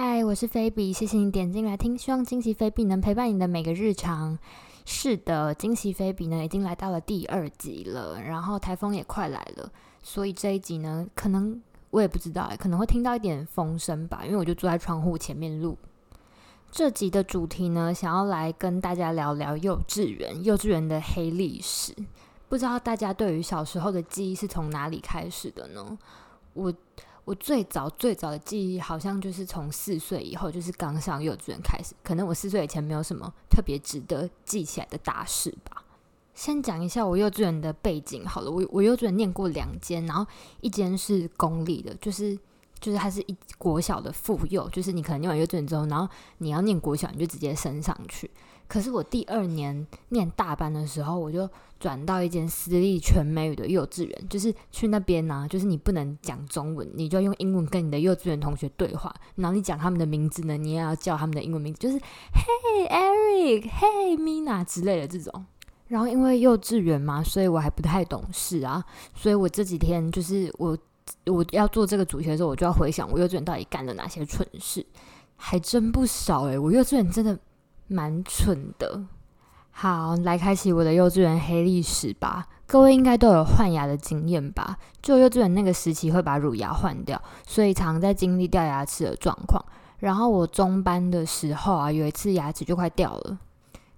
嗨，我是菲比，謝謝你點進來聽，希望《今昔菲比》能陪伴你的每個日常。是的，《今昔菲比》呢已經來到了第二集了，然後颱風也快來了，所以這一集呢，可能我也不知道，可能會聽到一點風聲吧，因為我就坐在窗戶前面錄。這集的主題呢，想要來跟大家聊聊幼稚園，幼稚園的黑歷史。不知道大家對於小時候的記憶是從哪裡開始的呢？我。我最早最早的記憶好像就是從四歲以後，就是剛上幼稚園開始。可能我四歲以前沒有什麼特別值得記起來的大事吧。先講一下我幼稚園的背景好了，我我幼稚園念過兩間，然後一間是公立的，就是。就是它是一國小的附幼，就是你可能念完幼稚園之後，然後你要念國小，你就直接升上去。可是我第二年念大班的時候，我就轉到一間私立全美語的幼稚園，就是去那邊呢、啊，就是你不能講中文，你就用英文跟你的幼稚園同學對話。然後你講他們的名字呢，你也要叫他們的英文名字，就是 “Hey Eric, Hey Mina” 之類的這種。然後因為幼稚園嘛，所以我還不太懂事啊，所以我這幾天就是我。我要做這個主題的時候，我就要回想我幼稚園到底幹了哪些蠢事，還真不少欸，我幼稚園真的蠻蠢的。好，來開啟我的幼稚園黑歷史吧。各位應該都有換牙的經驗吧？就幼稚園那個時期會把乳牙換掉，所以常常在經歷掉牙齒的狀況。然後我中班的時候啊，有一次牙齒就快掉了，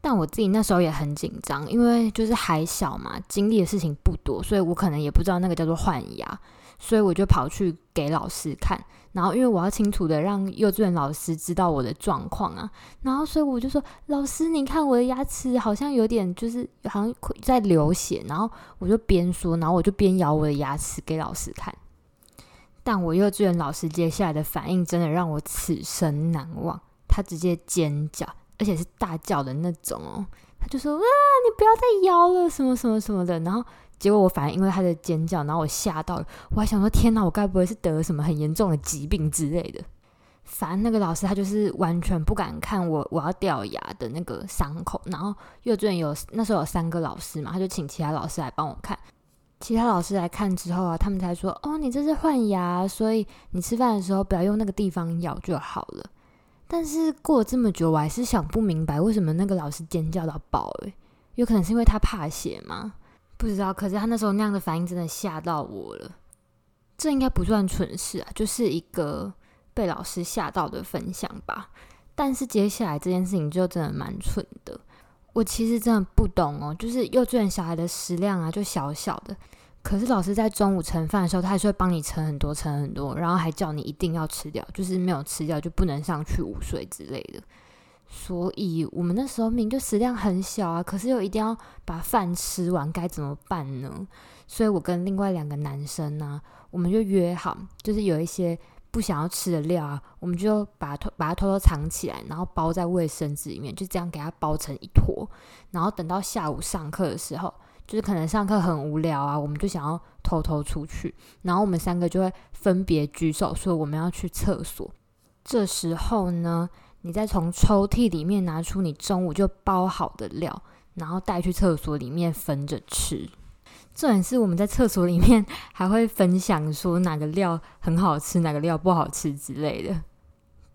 但我自己那時候也很緊張，因為就是還小嘛，經歷的事情不多，所以我可能也不知道那個叫做換牙。所以我就跑去給老師看，然後因為我要清楚的讓幼稚園老師知道我的狀況啊，然後所以我就說：“老師，你看我的牙齒好像有點，就是好像在流血。”然後我就邊說，然後我就邊咬我的牙齒給老師看。但我幼稚園老師接下來的反應真的讓我此生難忘，他直接尖叫，而且是大叫的那種哦，他就說：“啊，你不要再咬了，什麼什麼什麼的。”然後。結果我反而因為他的尖叫，然後我嚇到了，我還想說，天哪，我該不會是得了什麼很嚴重的疾病之類的？反正那個老師他就是完全不敢看我我要掉牙的那個傷口，然後幼稚園有那時候有三個老師嘛，他就請其他老師來幫我看。其他老師來看之後啊，他們才說哦，你這是換牙，所以你吃飯的時候不要用那個地方咬就好了。但是過了這麼久，我還是想不明白為什麼那個老師尖叫到爆，誒，有可能是因為他怕血嗎？不知道，可是他那時候那樣的反應真的嚇到我了。這應該不算蠢事啊，就是一個被老師嚇到的分享吧。但是接下來這件事情就真的蠻蠢的。我其實真的不懂哦，就是幼稚園小孩的食量啊，就小小的，可是老師在中午盛飯的時候，他還是會幫你盛很多，盛很多，然後還叫你一定要吃掉，就是沒有吃掉就不能上去午睡之類的。所以，我們那時候米就食量很小啊，可是又一定要把飯吃完，該怎麼辦呢？所以我跟另外兩個男生呢、啊，我們就約好，就是有一些不想要吃的料啊，我們就把偷把它偷偷藏起來，然後包在衛生紙裡面，就這樣給它包成一坨。然後等到下午上課的時候，就是可能上課很無聊啊，我們就想要偷偷出去，然後我們三個就會分別舉手說我們要去廁所。這時候呢。你再從抽屜裡面拿出你中午就包好的料，然後帶去廁所裡面分着吃。重點是我們在廁所裡面還會分享說哪個料很好吃，哪個料不好吃之類的，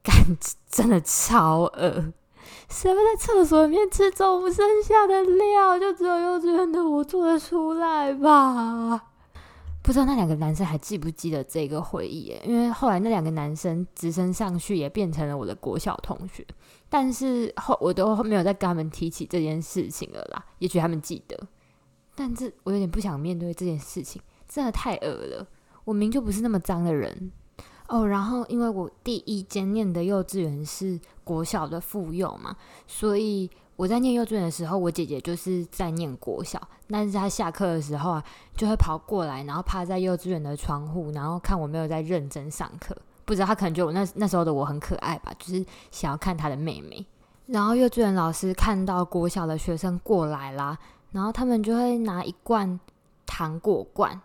幹，真的超餓。誰會在廁所裡面吃中午剩下的料？就只有幼稚園的我做得出來吧。不知道那兩個男生還記不記得這個回憶耶？因為後來那兩個男生直升上去，也變成了我的國小同學，但是後我都沒有再跟他們提起這件事情了啦。也許他們記得，但是我有點不想面對這件事情，真的太惡了。我明就不是那麼髒的人。哦，然後因為我第一間唸的幼稚園是國小的附幼嘛，所以我在唸幼稚園的時候，我姐姐就是在唸國小。但是她下課的時候啊，就會跑過來，然後趴在幼稚園的窗戶，然後看我沒有在認真上課。不知道她可能覺得我那那時候的我很可愛吧，就是想要看她的妹妹。然後幼稚園老師看到國小的學生過來啦，然後他們就會拿一罐糖果罐。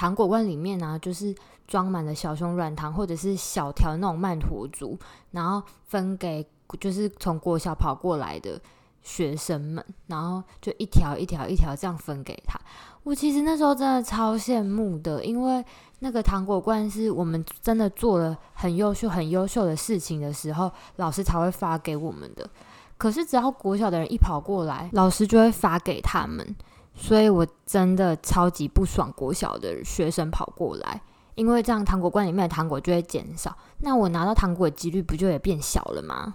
糖果罐裡面呢、啊，就是裝滿了小熊軟糖，或者是小條那種曼陀珠，然後分給就是從國小跑過來的學生們，然後就一條一條一條這樣分給他。我其實那時候真的超羨慕的，因為那個糖果罐是我們真的做了很優秀、很優秀的事情的時候，老師才會發給我們的。可是只要國小的人一跑過來，老師就會發給他們。所以我真的超級不爽國小的學生跑過來，因為這樣糖果罐裡面的糖果就會減少，那我拿到糖果的幾率不就也變小了嗎？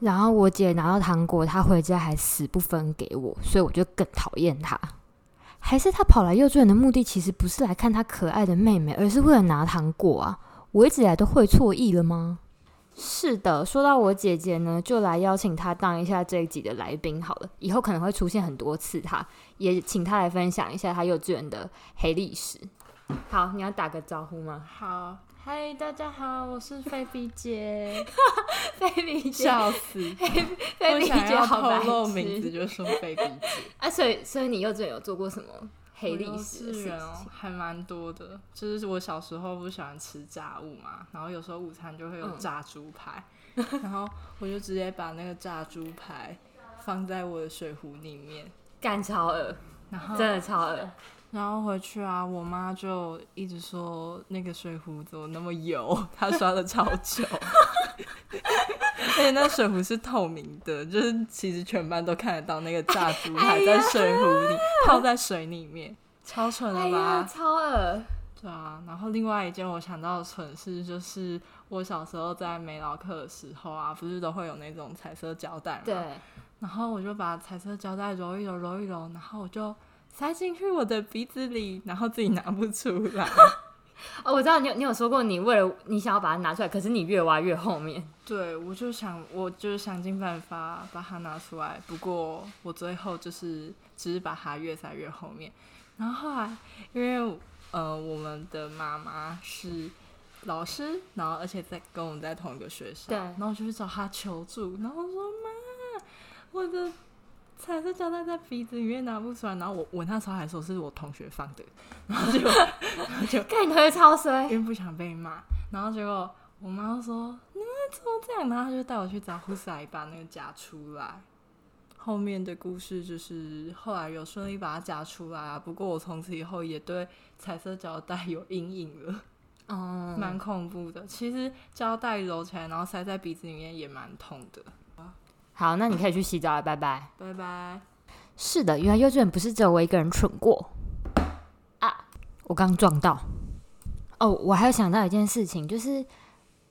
然後我姐拿到糖果，她回家還死不分給我，所以我就更討厭她。還是她跑來幼稚園的目的，其實不是來看她可愛的妹妹，而是為了拿糖果啊？我一直以來都會錯意了嗎？是的，說到我姐姐呢，就來邀請她當一下這一集的來賓好了。以後可能會出現很多次，她也請她來分享一下她幼稚園的黑歷史。好，你要打個招呼嗎？好，嗨，大家好，我是菲菲姐，哈哈，菲菲姐， 笑死， 菲菲姐好難哦，名字就說菲菲姐。啊，所以所以你幼稚園有做過什麼？黑歷史的，還蠻多的。就是我小時候不喜歡吃炸物嘛，然後有時候午餐就會有炸豬排，嗯，然後我就直接把那個炸豬排放在我的水壺裡面，幹 超噁，然後真的超噁。然後回去啊，我媽就一直說那個水壺怎麼那麼油，她刷了超久。 而且那水壺是透明的， 就是其實全班都看得到那個炸豬排在水壺裡，哎，泡在水裡面，哎，超蠢了吧？哎，超噁！對啊。然後另外一件我想到的蠢事就是，我小時候在美勞課的時候啊，不是都會有那種彩色膠帶嘛？對。然後我就把彩色膠帶揉一揉揉一揉，然後我就塞進去我的鼻子裡，然後自己拿不出來。 哦，我知道你有你有說過，你為了你想要把它拿出來，可是你越挖越後面。對，我就想，我就是想盡辦法把它拿出來，不過我最後就是只是把它越塞越後面。然後後來，因為呃，我們的媽媽是老師，然後而且在跟我們在同一個學校，對，然後我就去找她求助，然後我說媽，我的。彩色膠帶在鼻子裡面拿不出來，然後我我那時候還說是我同學放的，然後就 就趕緊推超水，因為不想被罵，然後結果我媽說，你們怎麼這樣？然後他就帶我去找護士阿姨把那個夾出來。後面的故事就是後來有順利把它夾出來，啊，不過我從此以後也對彩色膠帶有陰影了，哦，嗯，蠻恐怖的。其實膠帶揉起來然後塞在鼻子裡面也蠻痛的。好，那你可以去洗澡了，拜拜，拜拜。是的，原來幼稚園不是只有我一個人蠢過啊！我剛撞到哦，我還有想到一件事情，就是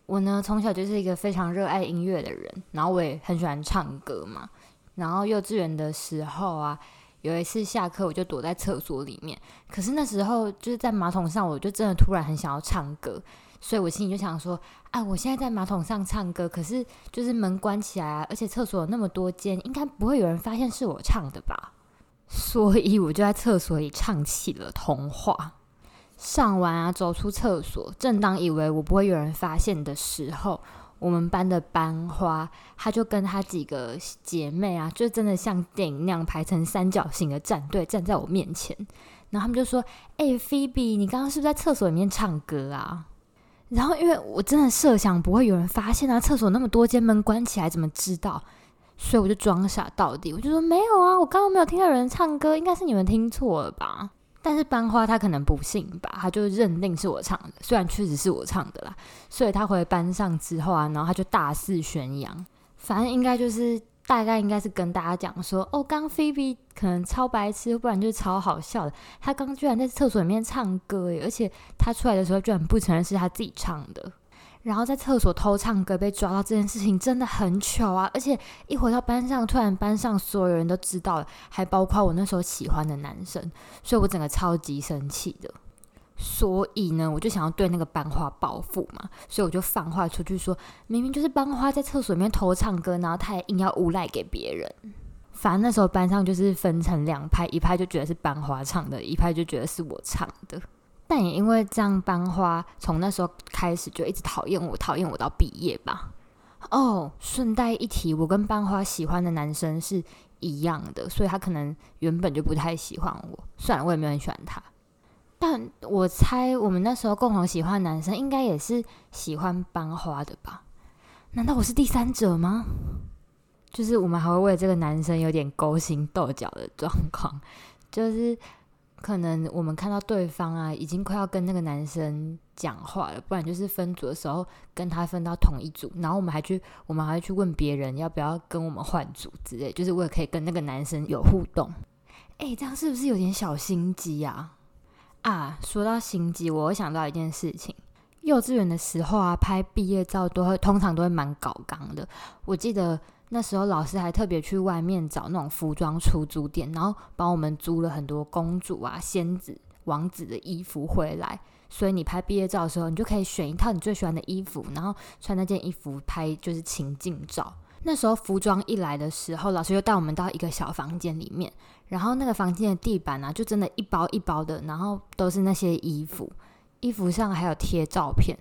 我呢從小就是一個非常熱愛音樂的人，然後我也很喜歡唱歌嘛。然後幼稚園的時候啊，有一次下課我就躲在廁所裡面，可是那時候就是在馬桶上，我就真的突然很想要唱歌。所以我心裡就想說：“哎，我現在在馬桶上唱歌，可是就是門關起來啊，而且廁所有那麼多間，應該不會有人發現是我唱的吧？”所以我就在廁所裡唱起了童話。上完啊，走出廁所，正當以為我不會有人發現的時候，我們班的班花她就跟她幾個姐妹啊，就真的像電影那樣排成三角形的站隊站在我面前，然後他們就說：“欸，菲比，你剛剛是不是在廁所裡面唱歌啊？”然後，因為我真的設想不會有人發現啊，廁所那麼多間門關起來，怎麼知道？所以我就裝傻到底，我就說沒有啊，我剛剛沒有聽到有人唱歌，應該是你們聽錯了吧？但是班花她可能不信吧，她就認定是我唱的，雖然確實是我唱的啦，所以她回班上之後啊，然後她就大肆宣揚，反正應該就是。大概應該是跟大家講說，哦，剛菲比可能超白痴，不然就是超好笑的。她剛居然在廁所裡面唱歌耶，而且她出來的時候居然不承認是她自己唱的。然後在廁所偷唱歌被抓到這件事情真的很糗啊！而且一回到班上，突然班上所有人都知道了，還包括我那時候喜歡的男生，所以我整個超級生氣的。所以呢，我就想要對那個班花報復嘛，所以我就放話出去說，明明就是班花在廁所裡面偷唱歌，然後他也硬要誣賴給別人。反正那時候班上就是分成兩派，一派就覺得是班花唱的，一派就覺得是我唱的。但也因為這樣，班花從那時候開始就一直討厭我，討厭我到畢業吧。哦，順帶一提，我跟班花喜歡的男生是一樣的，所以他可能原本就不太喜歡我。算了，我也沒有很喜歡他。但我猜我們那時候共同喜歡男生，應該也是喜歡班花的吧？難道我是第三者嗎？就是我們還會為這個男生有點勾心鬥角的狀況，就是可能我們看到對方啊，已經快要跟那個男生講話了，不然就是分組的時候跟他分到同一組，然後我們還去，我們還會去問別人要不要跟我們換組之類，就是為了可以跟那個男生有互動。哎，這樣是不是有點小心機啊？啊，說到心機，我會想到一件事情。幼稚園的時候啊，拍畢業照都會，通常都會蠻搞剛的。我記得那時候老師還特別去外面找那種服裝出租店，然後幫我們租了很多公主啊、仙子、王子的衣服回來。所以你拍畢業照的時候，你就可以選一套你最喜歡的衣服，然後穿那件衣服拍就是情境照。那時候服裝一來的時候，老師又帶我們到一個小房間裡面。然後那個房間的地板啊，就真的一包一包的，然後都是那些衣服，衣服上還有貼照片，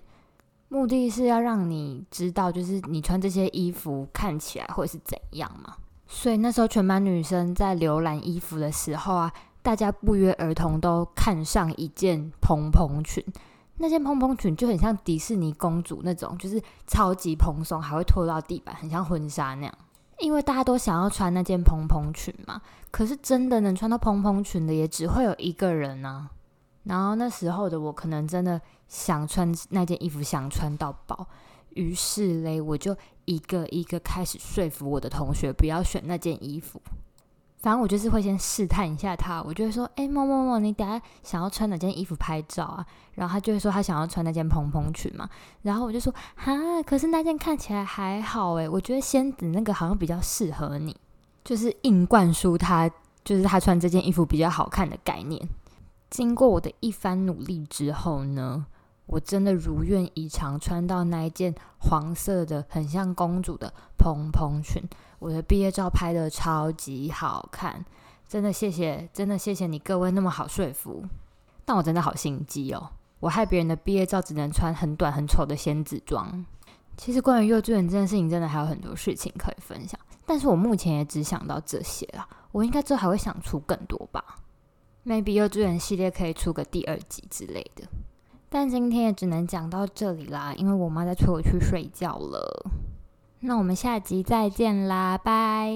目的是要讓你知道，就是你穿這些衣服看起來會是怎樣嘛。所以那時候全班女生在瀏覽衣服的時候啊，大家不約而同都看上一件蓬蓬裙，那件蓬蓬裙就很像迪士尼公主那種，就是超級蓬鬆，還會拖到地板，很像婚紗那樣。因為大家都想要穿那件蓬蓬裙嘛，可是真的能穿到蓬蓬裙的也只會有一個人呢、啊。然後那時候的我，可能真的想穿那件衣服，想穿到飽。於是嘞，我就一個一個開始說服我的同學不要選那件衣服。反正我就是會先試探一下他，我就會說：“哎、欸，某某某，你等下想要穿哪件衣服拍照啊？”然後他就會說他想要穿那件蓬蓬裙嘛，然後我就說：“哈，可是那件看起來還好誒、欸。我覺得仙子那個好像比較適合你。”就是硬灌輸他，就是他穿這件衣服比較好看的概念。經過我的一番努力之後呢，我真的如願以償，穿到那一件黃色的很像公主的蓬蓬裙，我的畢業照拍得超級好看，真的謝謝，真的謝謝你各位那麼好說服，但我真的好心機哦，我害別人的畢業照只能穿很短很醜的仙子裝。其實關於幼稚園這件事情，真的還有很多事情可以分享，但是我目前也只想到這些啦，我應該之後還會想出更多吧，maybe 幼稚園系列可以出個第二集之類的。但今天也只能講到這裡啦，因為我媽在催我去睡覺了。那我們下集再見啦，拜。